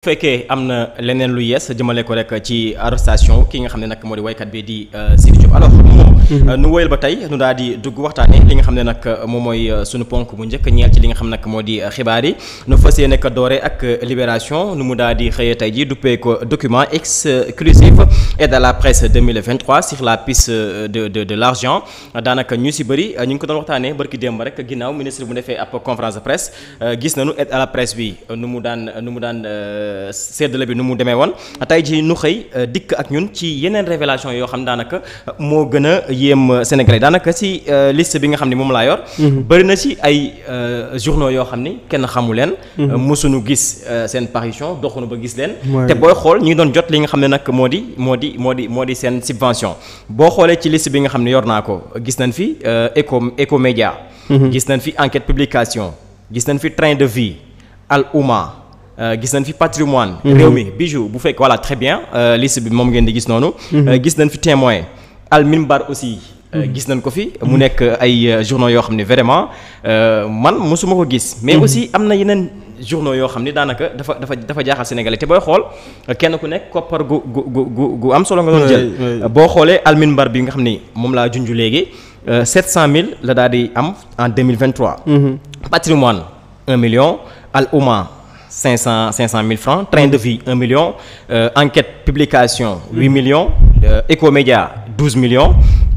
bu fekkee am na leneen lu yees jëmale ko rek ci arrestation ki nga xam ne nag moo di waykat bi di euh, Sidy Diop alors moom mm-hmm. euh, nu woyal ba tey nu daal di dugg waxtaane li nga xam ne nag euh, moom mooy sunu ponk bu njëkk ñeel ci li nga xam nag moo di xibaar yi nu fas yéene ko doore ak libération nu mu daal di xëyee tey ji duppee ko document exclusif et de la presse 2023 sur la euh, de de l'argent daanaka ñu si bëri euh, ñu ngi ko doon waxtaanee barki démb rek ginnaaw ministre bu defee ab conférence de presse euh, gis nañu aide à la presse bi nu mu daan nu mu daan séddale bi nu mu demee woon tey ji nu xëy dikk ak ñun ci yeneen révélation yoo xam ne daanaka moo gën a yéem Sénégalais daanaka si liste bi nga xam ne moom laa yor. Mhm. bëri na si ay journaux yoo xam ni kenn xamu leen. Mhm. gis seen parution doxunu ba gis leen. di moo di moo di seen subvention boo xoolee ci liste bi nga xam ne yor naa ko gis nañ fi éco euh, écomédia mhm. gis nañ fi enquête publication gis nañ fi train de vie al ouma euh, gis nañ fi patrimoine mhm. réew mi bijou bu fekk voilà très bien euh, list bi moom ngeen di gis noonu mhm. gis nañ fi témoin al minbar aussi gis nañ ko fi mu nekk ay journaux yoo xam ne vraiment man mosuma ko gis mais aussi am na yeneen journaux yoo xam ni daanaka dafa dafa dafa jaaxal sénégalais te booy xool kenn ku nekk koppar gu gu gu gu am solo nga doon jël. boo xoolee Almin Bar bi nga xam ni moom laa junj léegi euh, mille la daal di am en 2023. Mhm. patrimoine 1 million al ouma. cinq cent cinq cent mille francs train de vie un million euh, enquête publication huit mhm. millions euh, Ecomédia douze million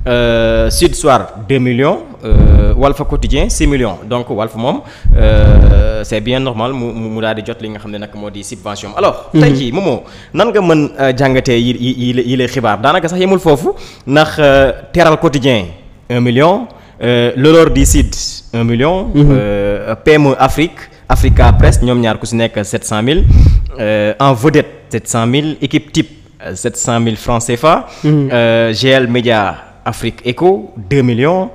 euh, Sud Soir 2 millions euh, Walf Quotidien 6 millions donc Walf moom euh, c'est bien normal mu mu daal di jot li nga xam ne nag moo di subvention alors mhm. tey jii moomoo nan nga mën euh, jàngatee yi yi yi lay xibaar daanaka sax yemul foofu ndax Teral Quotidien 1 million L'aurore du Sud 1 million mhm. PME Afrique Africa Press ñoom ñaar ku si nekk mille en vedette mille équipe type 700000 francs CFA. Mhm. GL Média Afrique Éco 2 millions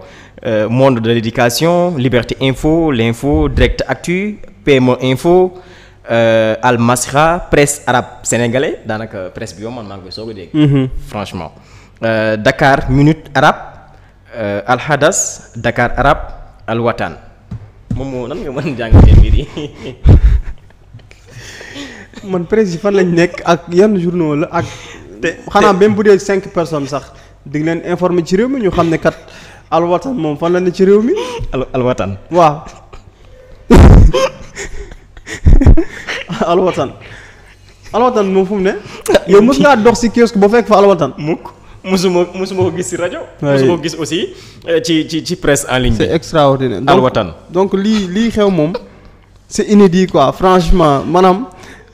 euh, monde de l'éducation Liberté Info l'info Direct Actu PME Info euh, Al Masra presse arabe sénégalais daanaka presse bi yow man maa koy soog a dégg. Mhm. franchement euh, Dakar Minute arabe euh, Al Hadas Dakar arabe Al Watan moom moo nan nga mën jàng seen mbir yi. man presse yi fan lañ nekk ak yan journaux la ak. te xanaa même bu dee cinq personnes sax. di leen informer ci réew mi ñu xam ne kat alwatan moom fa la ci réew mi. al alwatan. waaw alwatan alwatan moom fu mu ne. yow mos ngaa dox si kiosque ba fekk fa alwatan. mukk mosuma mosuma ko gis si rajo. mosuma ko gis aussi eh, ci ci ci presse en ligne bi. c'est alwatan donc lii lii xew moom. c'est inédit quoi franchement maanaam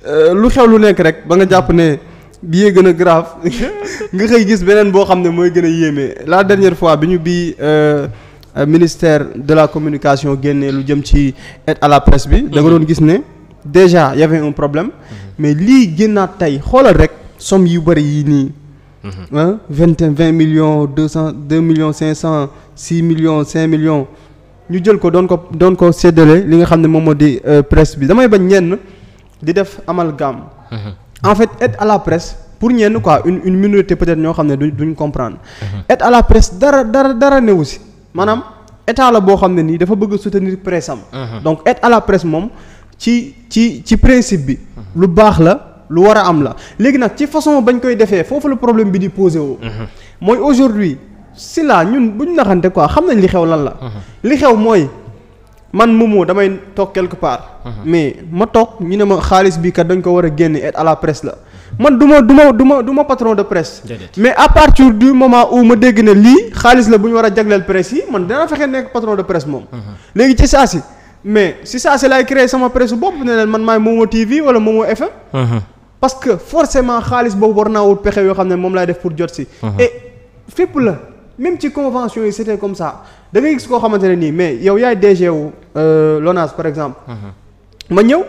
euh, lu xew lu nekk rek ba nga jàpp ne. bi gën a grave nga xëy gis beneen boo xam ne mooy gën a yéeme la dernière fois bi ñu bii euh, euh, ministère de la communication génnee lu jëm ci aide à la presse bi. da nga gis ne déjà y un problème. Mhm. mais lii génnaat tey xoolal rek somme yu bëri yii nii. ah vingt vingt millions deux cent deux millions cinq cent six millions cinq millions ñu jël ko doon ko doon ko séddale li nga xam ne moom moo di euh, presse bi damay bañ ñenn di def amal amalgame. Mhm. en fait aide à la presse pour ñenn quoi une une minorité peut-être ñoo xam ne duñ duñ comprendre. aide mhm. à la presse dara dara dara newu si maanaam état la boo xam ne nii dafa bëgg a soutenir presse am. Mhm. donc aide à la presse moom ci ci ci principe bi. Mhm. lu baax la. lu war a am la léegi nag ci façon bañ koy defee foofu la problème bi di posé mooy aujourd'hui si la ñun bu ñu naxante quoi xam nañ li xew lan la. li xew mooy man moomu damay toog quelque part. Mhm. mais ma toog ñu ne ma xaalis bi kat dañ ko war a génne et à la presse la man du ma du ma du ma du ma patron de presse. mais à partir du moment où ma dégg ne lii xaalis la bu ñu war a jagleel presse yi man dana fexe nekk patron de presse moom. Mhm. léegi ci saa si mais si saa si laay créer sama presse bopp ne leen man maay Momo TV wala Momo FM. Mhm. parce que forcément xaalis boobu war naa wut pexe yoo xam ne moom laay def pour si. et fépp la. même ci convention yi c'était comme ça da ngay gis koo xamante ne nii mais yow yaay DG wu euh, LONAS par exemple. Mm-hmm. ma ñëw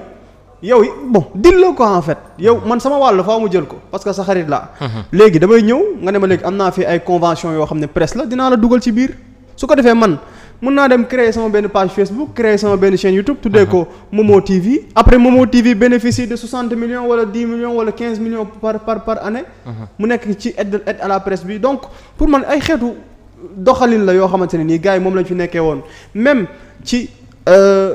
yow bon dil la ko en fait yow man sama wàll faa mu jël ko parce que sa xarit la mm-hmm. léegi damay ñëw nga ne ma léegi am naa fi ay convention yoo xam ne presse la dinaa la dugal ci biir su ko defee man. mën naa dem créer sama benn page Facebook créer sama benn chaîne YouTube tuddee ko Momo TV après Momo TV bénéficie de 60 millions wala 10 millions wala 15 millions par par par année uh-huh. mu nekk ci aide aide à la presse bi donc pour man ay xeetu doxalin la yoo xamante ne nii gars yi moom lañ fi nekkee woon même ci euh,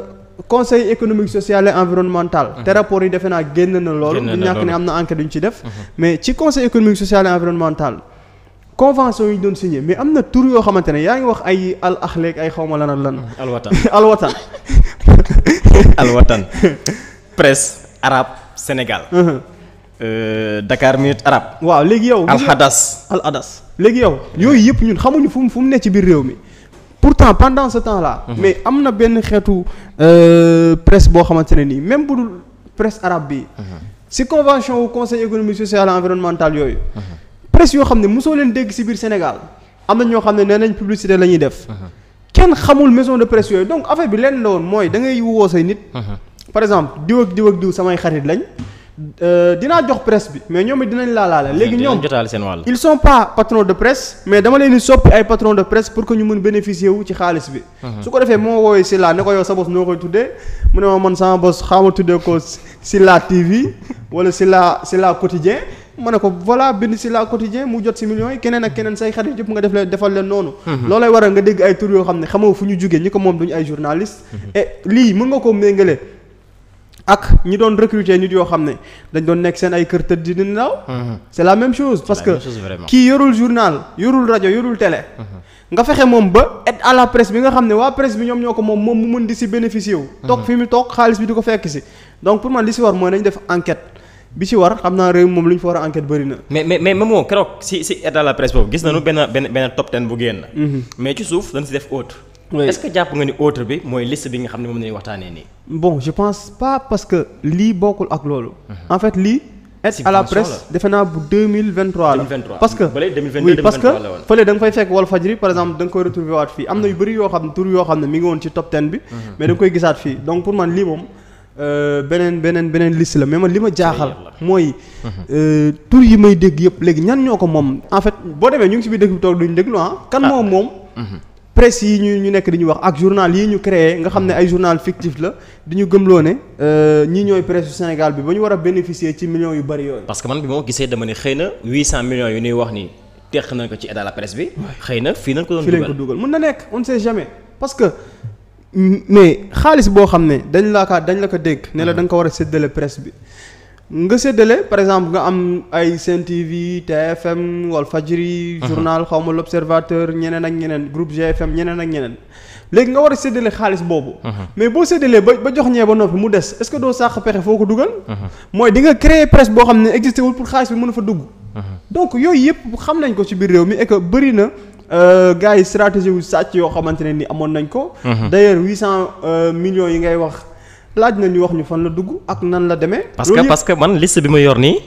conseil économique social et environnemental. Uh-huh. te rapport yi defe naa génn na loolu. génn na loolu du ñàkk ne am na enquête yu ci def. Uh-huh. mais ci conseil économique social et convention yu doon signé mais am na tour yoo xamante ne yaa ngi wax ay al axleeg ay xawma lan ak lan. Mm, alwatan alwatan. alwatan arab arabe Sénégal. Uh-huh. Euh, Dakar Minute arab waaw léegi yow. alxadas alxadas léegi yow yooyu yëpp ñun xamuñu fu mu fu mu ne ci biir réew mi. pourtant pendant ce temps là. Mm-hmm. mais am na benn xeetu euh, presse boo xamante ne nii même bu dul presse arabe bi. Mm-hmm. si convention wu conseil économique social et yooyu. Mm-hmm. presse yoo xam ne mosoo leen dégg ci biir Sénégal am na ñoo xam ne nee nañ publicité lañuy ñuy def. kenn xamul maison de presse yooyu donc affaire bi lenn la woon mooy da ngay woo say nit. par exemple diw ak diw ak diw samay xarit lañ. Euh, dinaa jox presse bi mais ñoom it dinañ laalaale léegi ñoom jotaal seen wàll ils sont pas patron de presse mais dama leen di soppi ay patron de presse pour que ñu mën bénéficier wu ci xaalis bi su ko defee moo wooyee Silla ne ko yow sa bos noo koy tuddee mu ne ma man sama bos xaama tuddee ko Silla TV wala Silla mane ko voilà bind si la quotidien mu jot si millions yi keneen ak keneen say xarit yëpp nga def leen defal leen noonu mhm. loolay waral nga dégg ay tur yoo xam ne xamoo fu ñu jugee ñi ko moom duñu ay journaliste mhm. lii mën nga ko méngale ak ñi doon recruter nit yoo xam ne dañ doon nekk seen ay kër tëdd di nelaw mhm. c'est la même chose parce que kii yorul journal yorul rajo yorul télé nga fexe moom ba aide à la presse bi nga xam ne waa presse bi ñoom ñoo ko moom moom mu mën di si bénéficier wu toog fi mu toog xaalis bi di ko fekk si donc pour man li si war bi ci war xam naa réew moom lu ñu fa war a enquête bëri mais mais moom keroog si si état la presse boobu gis nañu mm-hmm. benn benn top ten bu génn. Mm-hmm. mais ci suuf dañ si def autre. Oui. est jàpp nga ni autre bi mooy liste bi nga xam ne moom la ñuy waxtaanee nii. bon je pense pas parce lii bokkul ak loolu. Mm-hmm. en fait lii. aide à la presse defe naa bu deux mille vingt trois la. parce que par exemple da koy retrouver waat fii am na yu bëri yoo xam ne tur yoo xam ne mi ngi Euh, beneen beneen beneen liste la mais man li ma jaaxal mooy mhm. euh, tur yi may dégg yëpp léegi ñan ñoo ko moom en fait boo demee ñu ngi si biir dëkk bi toog duñu déglu ah kan ah. moom moom presse yi ñu ñu nekk di ñu wax ak journal yi ñu créé nga xam ne ay journal fictif la di ñu gëmloo ne euh, ñii ñooy presse Sénégal bi ba ñu war a bénéficier ci millions yu bari yooyu parce que man bi moo gisee dama ne xëy na huit cent millions yu ñuy wax ni teq nañ ko ci état la bi xëy na fii nañ ko mën na nekk on ne sait mais xaalis boo xam ne dañ laa kaa dañ la ko dégg ne la mm-hmm. da ko war a séddale presse bi nga séddale par exemple nga am ay Sen TV TFM Walf Fadjri mm-hmm. journal xaw ma l'Observateur ñeneen ak ñeneen groupe GFM ñeneen ak ñeneen léegi nga war a séddale xaalis boobu mm-hmm. mais boo séddalee ba ba jox ñee ba noppi mu des est-ce que doo sàq pexe foo ko dugal mooy di nga créer presse boo xam ne existé wul pour xaalis bi mën a fa dugg donc yooyu yëpp xam nañ ko ci biir réew mi et bëri na Euh, gars yi stratégie wu sàcc yoo xamante ne ni amoon nañ ko. Mhm. d'ailleurs huit cent euh, millions yi ngay wax laaj na ñu wax ñu fan la dugg ak nan la demee. parce que parce que man liste bi ma yor nii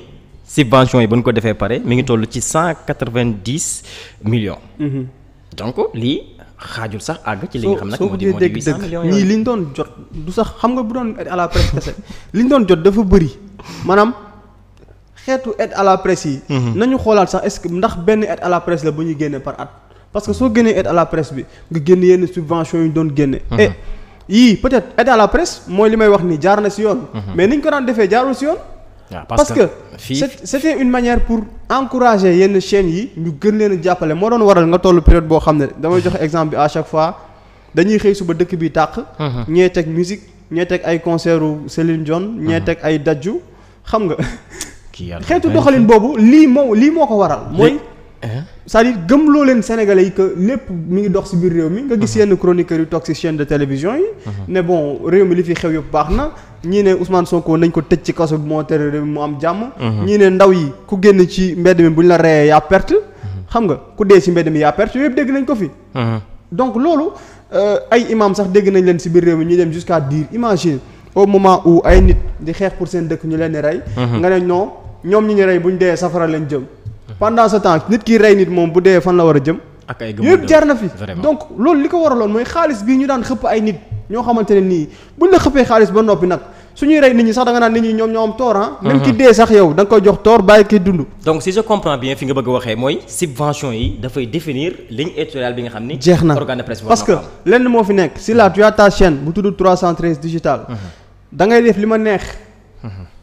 subvention yi bu ñu ko defee pare mi ngi toll ci cent quatre-vingt-dix millions. Mhm. donc lii xaajul sax àgg ci li nga xam nag moo di moo di li ñu doon jot du sax xam nga bu doon à la presse kese li ñu doon jot dafa bëri maanaam. xeetu aide à la presse yi. Mhm. nañu xoolaat sax est ndax benn aide à la presse la bu ñu génnee par at. parce que soo génnee aide à la presse bi nga génn yenn subvention yu ñu doon génne mhm. et eh, yii peut-être aide à la presse mooy li may wax ni jaar na si yoon mhm. mais ni ñu ko daan defee jaarul si yoon ah, parce que c'était une manière pour encourager yenn chaînes yi ñu gën leen a jàppale moo doon waral nga toll période boo xam ne damay joxe exemple bi à chaque fois dañuy xëy suba dëkk bi tàq mhm. ñee teg musique ñee teg ay concert u Céline Dion ñee teg ay dajju xam nga xeetu doxalin boobu lii moo lii moo ko waral mooy c'est-à-dire gëmloo leen sénégalais yi que lépp mu ngi dox ci biir réew mi nga gis mhm. yenn chroniqueurs yu toog ci chaîne de télévision yi mhm. ne bon réew mi li fi xew yëpp baax na ñii ne Ousmane Sonko nañ ko tëj ci kaso bi moo tere mu am jàmm mhm. ñii ne ndaw yi ku génn ci mbedd mi bu ñu la reyee yaa perte xam nga ku dee ci mbedd mi yaa perte yooyu yëpp dégg nañ ko fi donc loolu euh, ay imam sax dégg nañ leen ci biir réew mi ñu dem jusqu'à dire imagine au moment où ay nit di xeex pour seen dëkk ñu leen di rey nga ne non ñoom ñi ñu rey bu ñu dee safara leen jëm Mhm. pendant ce temps nit ki rey nit moom bu dee fan la war a jëm. ak jar na fi donc loolu li ko waraloon mooy xaalis bii ñu daan xëpp ay nit ñoo xamante ne nii buñ la xëppee xaalis ba nag suñuy rey nit ñi sax da naan nit ñi ñoom ñoo am ah. mhm. ki dee sax yow da nga koy jox toor bàyyi ki dund donc si je comprends bien fi nga bëgg a waxee mooy subvention yi dafay définir ligne éditoriale bi nga xam ni jeex na organe de presse parce que lenn moo fi nekk si la tu as ta chaîne bu tudd 313 digital mhm. da ngay def li ma neex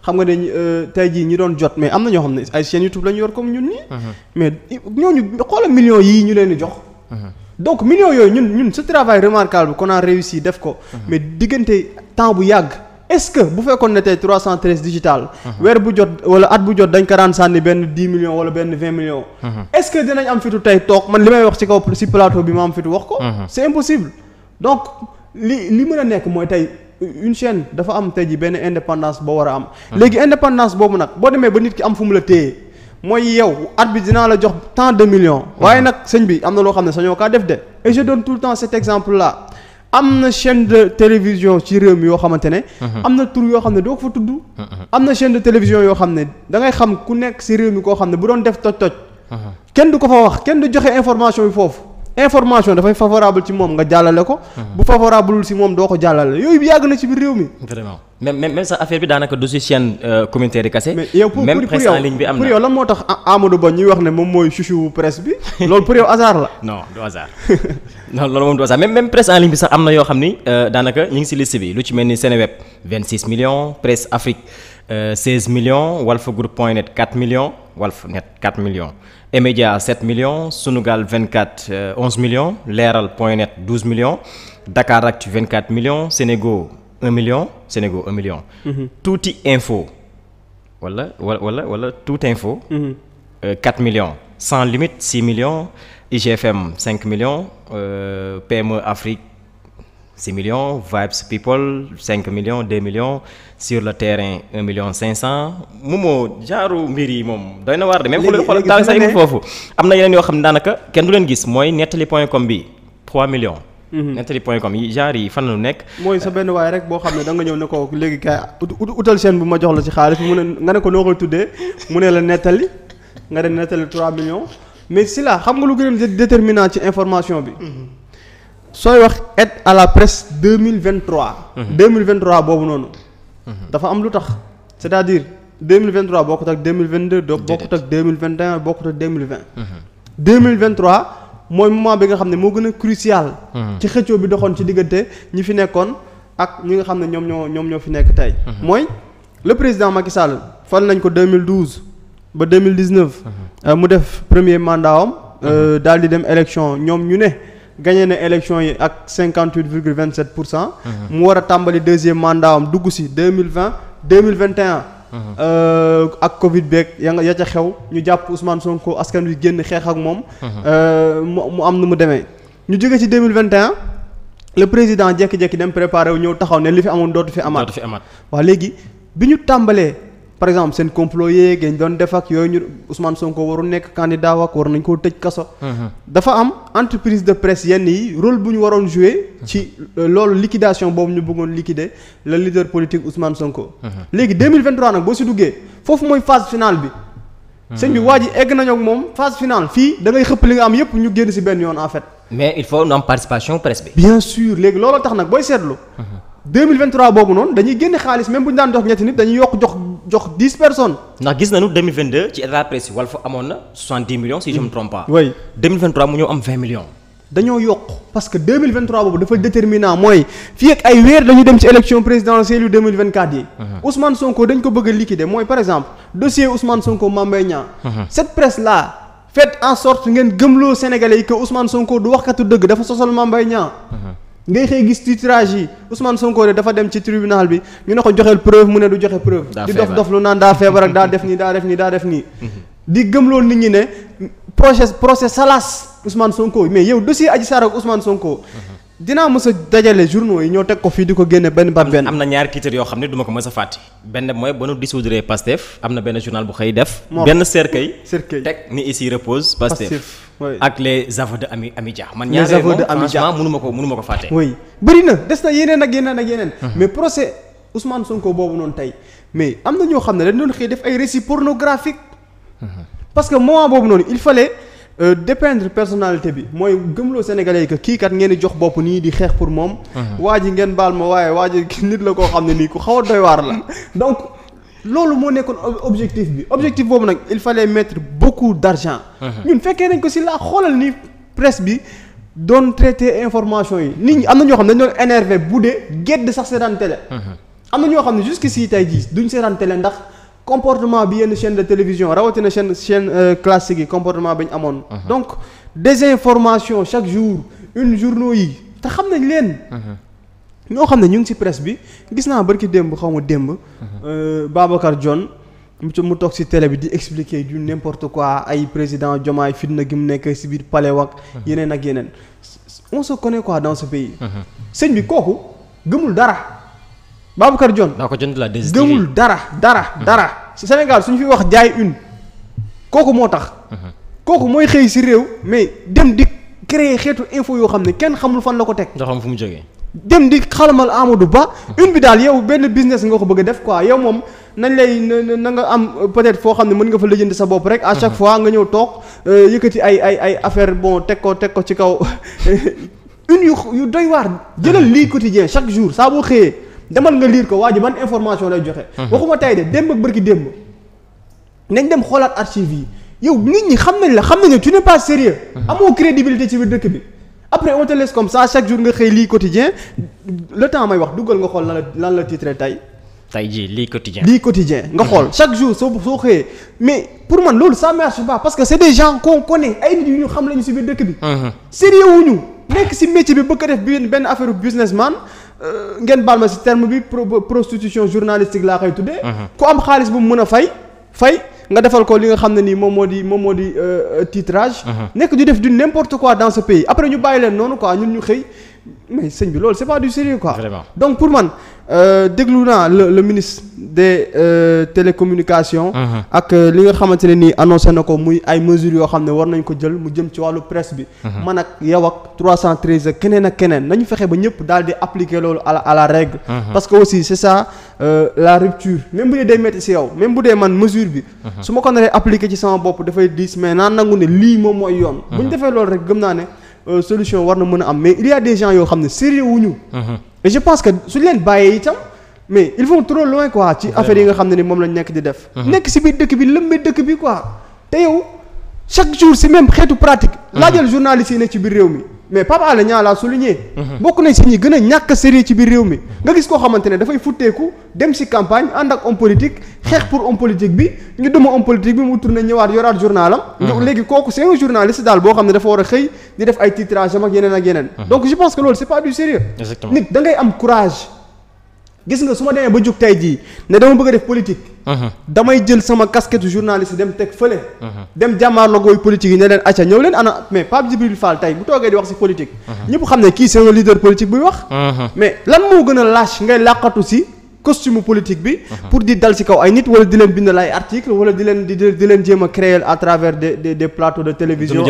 xam nga ne euh, tey jii ñi doon jot mais am na ñoo xam ne ay chaîne YouTube la ñu yor comme ñun nii. Mhm. mais ñooñu xoolal millions yii ñu leen di jox. Mhm. donc millions yooyu ñun ñun ce travail remarquable qu'on a réussi def ko. Mhm. mais diggante temps bu yàgg. est-ce que bu fekkoon ne tey 313 digital. weer bu jot wala at bu jot dañ ko daan sànni benn 10 millions wala benn 20 millions. est-ce dinañ am fitu tey toog man li may wax ci kaw ci plateau bi ma am fitu wax mooy tey. une chaîne dafa am tey ji benn indépendance boo war a am. Hmm. léegi indépendance boobu nag boo demee ba nit ki am fu mu la téye mooy yow at bi dinaa la jox tant de million hmm. waaye nag sëñ bi am na loo xam ne sañoo kaa def de. et le temps cet exemple là am na chaîne de télévision ci réew mi yoo xamante ne. Hmm. am na tur yoo xam ne doo ko tudd. am na chaîne de télévision yoo xam ne da ngay ku nekk si réew mi koo xam ne bu doon def toj-toj. kenn du ko fa wax kenn du joxe information bi foofu. information dafay favorable ci moom nga jàllale ko. Mhm. bu favorable si moom doo ko jàllale yooyu yàgg na ci biir réew mi. vraiment. même même sax affaire bi daanaka du si chaîne euh, communautaire yi kase. mais yow pour même presse en ligne bi am na pour yow lan bi loolu pour la. moom du hasard bi sax am na yoo xam ni euh, daanaka ñu ngi si liste bi lu ci mel ni Seneweb million millions Presse Afrique million euh, millions Walfgroup point net 4 million Walf net 4 million Emedia 7 million Sunugal 24 11 millions Leeral point net 12 millions Dakaractu 24 millions Sénégo. un million Sénégal un million. Mhm. tuuti info. wala wala wala tout info. Mhm. Euh, quatre millions sans limite six million IGFM cinq million euh, PME Afrique. 6 millions Vibes People 5 millions 2 millions sur le terrain 1 million 500 moomoo jaaro mbir yi moom doy na waar de même ku leen xool daal sax foofu am na yeneen yoo xam ne daanaka kenn du leen gis mooy nettali point com bi 3 millions Mm-hmm. nettali point com yi genre yi fan la nekk. mooy sa benn waay rek boo xam ne da ñëw ne ko léegi kay utal chaîne bu ma jox la ci xaalis mu ne nga ne ko noo koy tuddee mu ne la nettali nga dem nettali 3 millions mais si la xam nga lu gën a ci information bi. Mm-hmm. sooy wax aide à la presse deux mille vingt trois. Mm-hmm. deux mille vingt trois boobu noonu. dafa am lu tax c'est-à-dire deux mille vingt trois bokkut ak deux mille vingt deux. bokkut ak deux mille vingt trois mooy moment bi nga xam ne moo gën a crucial. Hmm. ci xëccoo bi doxoon ci diggante ñi fi nekkoon ak ñi nga xam ne ñoom ñoo ñoom ñoo fi nekk tey. Hmm. mooy le président Macky Sall fal nañ ko 2012 ba 2019. Hmm. Euh, mu def premier mandat am. Euh, daal di dem élection ñoom ñu ne. gagné na élection yi ak cinquante huit virgule vingt sept pour cent. mu war a tàmbali deuxième mandat am dugg si deux mille vingt deux mille vingt et Uh-huh. Euh, ak Covid beeg ya nga ya ca xew ñu jàpp Ousmane Sonko askan wi génn xeex ak moom. Uh-huh. Euh, mu mu am nu mu demee. ñu jóge ci deux mille vingt et un président jékki-jékki dem préparé wu ñëw taxaw ne li fi amoon dootu fi amaat. dootu fi amaat waa léegi bi ñu tàmbalee. par exemple seen complot yeeg ñu doon def ak yooyu ñu Ousmane Sonko warul nekk candidat ak war nañ koo tëj kaso. Mhm. dafa am entreprise de presse yenn yi rôle bu ñu waroon jouer. ci euh, loolu liquidation boobu ñu bëggoon liquider le leader politique Ousmane Sonko. Mhm. léegi 2023 nag boo si duggee foofu mooy phase finale bi. Mhm. sëñ bi waa ji egg nañu ak moom phase finale fii da xëpp li nga am yépp ñu génn si benn yoon en fait. mais il faut ñu am participation bi. bien sûr léegi tax nag booy seetlu. 2023 boobu noonu dañuy génne xaalis même bu ñu daan jox ñetti nit dañuy yokk jox jox 10 personnes. ndax gis nañu 2022 ci état presse Walf amoon na 70 millions si je me mm. trompe pas. oui 2023 mu ñëw am 20 millions. dañoo yokk parce que 2023 boobu dafa déterminant mooy fii ak ay weer dañu dem ci élection présidentielle yu 2024 yi. Mm-hmm. Ousmane Sonko dañ ko bëgg a liquider mooy par exemple dossier Ousmane Sonko Mame Mbaye Niang. Mm-hmm. ngeen gëmloo Sénégalais yi que Ousmane Sonko du waxkatu dëgg dafa sosal Mame ngay xëy gis titrage yi Ousmane Sonko de dafa dem ci tribunal bi ñu ne ko joxeel preuve mu ne du joxe preuve di dof dof lu naan daa feebar ak daa def nii daa def nii daa def nii di gëm gëmloo nit ñi ne procès procès salas Ousmane Sonko mais yow dossier Adji Sarr ak Ousmane Sonko dinaa mës a dajale journaux yi ñoo teg ko fii di ko génne benn ba benn. am na ñaari titre yoo xam ne du ko mës fàtte. benn mooy ba nu dissoudre Pastef am na benn journal bu xëy def. benn cercueil. teg ni ici repose Pastef. ak les aveux de Ami Ami Dia. man ñaareel moom franchement mënu ma ko fàtte. oui des na yeneen ak yeneen ak yeneen. mais procès Ousmane Sonko boobu noonu tey mais am na ñoo xam ne dañ doon xëy def ay récits pornographiques. parce que Euh, dépeindre personalité bi mooy gëmloo sénégalais yi kii kat ngeen di jox bopp nii di xeex pour moom. Uh-huh. waa ji ngeen baal ma waaye waa ji nit la koo xam ne nii ku xaw a doy waar la donc loolu moo nekkoon objectif bi objectif boobu nag il fallait mettre beaucoup d'argent. Uh-huh. ñun fekkee nañ ko si laa xoolal ni presse bi. doon traité information yi nit ñi am na ñoo xam ne dañu doon énervé bu dee gedd sax seetaan télé. Uh-huh. am na ñoo xam ne jusqu'ici tey jii duñ seetaan télé ndax. comportement bi yenn chaîne de télévision rawatina chaîne chaîne euh, classique yi comportement bi amoon. Uh-huh. donc désinformation chaque jour une journaux yi te xam nañ leen. Uh-huh. ñoo xam ne ñu ngi ci presse bi gis naa barki démb xaw ma démb. Uh-huh. Euh, Babacar Dione mu mu toog ci télé bi di expliquer du n'importe quoi ay président Diomaye fitna gi mu nekk ci biir palais wak yeneen ak yeneen on se connaît quoi dans ce pays. sëñ bi kooku gëmul dara. Babacar Dione. daa ko jënd gëmul dara dara su Sénégal suñu fi wax jaay une kooku moo tax. Mhm. kooku mooy xëy si réew mais dem di créer xeetu info yoo xam ne kenn xamul fan la ko teg. nga xam fu mu jógee. dem di xalamal Amadou Ba. une bi daal yow benn business nga ko bëgg def koi yow moom nañ lay na nga am euh, peut-être foo xam ne mën nga fa lijjanti sa bopp rek. à chaque mhm. fois nga ñëw toog euh, yëkkati ay ay ay affaire bon teg ko teg ko ci kaw une yu doy waar. jëlal mhm. lii quotidien chaque jour saa boo xëyee. demal nga lire ko waa ji ban information lay joxe. Mhm. waxuma tey de démb ak bërki démb nañ dem xoolaat archive yi yow nit ñi xam nañ la xam nañ ne tu n'es pas sérieux mhm. amoo crédibilité ci biir dëkk bi. après on te laisse comme jour nga xëy lii quotidien le temps may wax duggal nga xool lan la lan la titre tey. tey jii lii quotidien lii nga xool mhm. chaque jour soo soo xëyee mais pour man loolu ça marche pas parce que c'est des gens qu'on connaît ay nit ñu xam lañu ci biir dëkk bi. sérieux wuñu bi benn affaire businessman Euh, ngeen baal ma si terme bi prostitution journalistique laa koy tuddee. Mhm. ku am xaalis bu mu mën a fay fay. nga defal ko li nga xam ne nii moom moo di moom moo di euh, titrage. Mhm. nekk di def du n'importe quoi dans ce pays après ñu bàyyi leen noonu quoi ñun ñu xëy mais sëñ bi loolu c'est pas du sérieux quoi. donc pour man euh, déglu naa le le ministre des euh, télécommunications. Uh-huh. ak euh, li nga xamante ne nii annoncé na ko muy ay mesures yoo xam ne war nañ ko jël mu jëm ci wàllu presse bi. Uh-huh. man ak yow ak 313 ak keneen ak keneen nañu fexe ba ñëpp daal di appliquer loolu à la à la règle. Uh-huh. parce que aussi c'est ça euh, la rupture même bu dee day métti si yow même bu dee man mesure bi. su ma ko naree appliquer ci sama bopp dafay diis mais naa nangu lii moom mooy yoon. bu ñu loolu rek gëm naa ne. Euh, solution war na mën a am mais il y a des gens yoo xam ne sérieux wuñu mhm. et je pense que suñ leen bàyyee itam mais ils vont trop loin quoi ci affaire yi nga xam ne ni moom lañ nekk di def mhm. nekk si biir dëkk bi lëmbee dëkk bi quoi te yow chaque jour si même xeetu pratique mhm. laajal journaliste yi nekk ci biir réew mi mais Pape Alé Niang laa souligné. bokk nañ si ñi gën a ñàkk sérieux ci biir réew mi nga gis koo xamante ne dafay futteeku dem si campagne ànd ak homme politique xeex pour homme politique bi ñu duma homme politique bi mu tourné ñëwaat yoraat journalam ñu mhm. léegi kooku c'est un journaliste daal boo xam ne dafa war a xëy di def ay titrage am ak yeneen ak yeneen mhm. donc je pense que loolu c'est pas du sérieux nit da am courage gis nga su ma demee ba jug tey jii ne dama bëgg a def politique. Uh-huh. damay jël sama casquette journaliste dem teg fële. Uh-huh. dem jàmmaarloo gooy politique yi ne leen acca ñëw leen ana mais Pape Djibril Fall tey bu toogee di wax ci politique. Uh-huh. ñëpp xam ne kii c'est un leader politique buy wax. mais lan moo gën a lâche ngay làqatu ci. costume politique bi. pour di dal ci kaw ay nit wala di leen bindal ay article wala di leen di di leen jéem a créer à travers des des plateaux de télévision.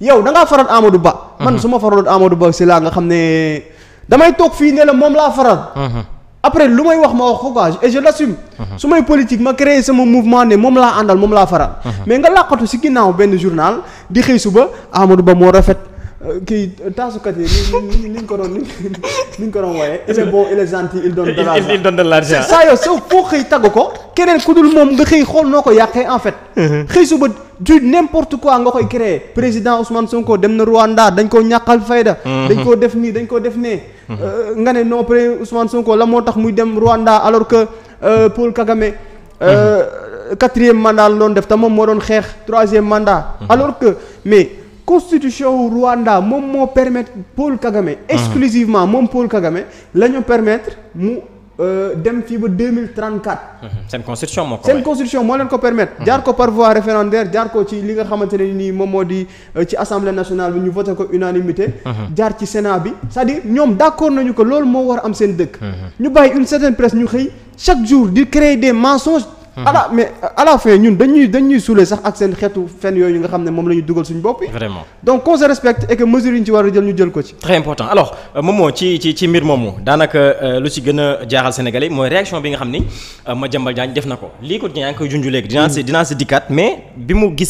yow da ngaa faral Amadou Ba. Mhm. man su ma faraloon Amadou Ba si laa nga xam ne damay toog fii ne la moom laa faral. Mhm. après lu may wax ma wax ko quoi et je l'assume. Mhm. su may politique ma créé sama mouvement ne moom laa àndal moom laa faral. mais nga làqatu si ginnaaw benn journal di xëy suba Amadou Ba moo rafet. kii taasukat yi ni ni ñu ko doon ni ñu ko doon wooyee. il est bon il est gentil il donne de l'argent il donne de saa yow soo foo xëy tagg ko. keneen ku dul moom nga xëy xool noo ko yàqee en fait. Mhm. xëy suba du n'importe quoi nga koy créer président Ousmane Sonko dem na Rwanda dañ koo ñàkkal fayda. Mhm. dañ koo def nii dañ koo def nee. Mhm. Euh, nga ne non pré Ousmane Sonko la moo tax muy dem Rwanda alors que euh, Paul Kagame. Euh, quatrième mandat la doon def te moom moo doon xeex troisième mandat. alors que mais. constitution wu Rwanda moom moo permettre Paul Kagame. Ah. exclusivement moom Paul Kagame la ñu permettre mu euh, dem fii ba mille trente quatre. Mhm. seen constitution moo ko seen constitution moo leen ko permettre. Mhm. jaar ko par voie référendaire jaar ko ci li nga xamante ne nii moom moo di euh, ci assemblée nationale bi ñu voté ko unanimité mhm. jaar ci Sénat bi c'est-à-dire ñoom d'accord nañu ko loolu moo war a am seen dëkk. ñu bàyyi une certaine presse ñu xëy chaque jour di créer des mensonges. Mhm. ala mais à la fin ñun dañuy dañuy suulee sax ak seen xeetu fen yooyu nga xam ne moom la ñu dugal suñu bopp yi. vraiment donc qu'on se respecte et que mesures yi ñu ci war a ñu jël ko ci. très important alors euh, moom ci ci ci mbir moomu daanaka euh, lu ci gën a jaaxal sénégalais mooy réaction bi nga xam ni euh, Madiambal Diagne def na ko lii ko yaa ngi koy junj léegi. dinaa si dinaa si dikkaat mais bi mu gis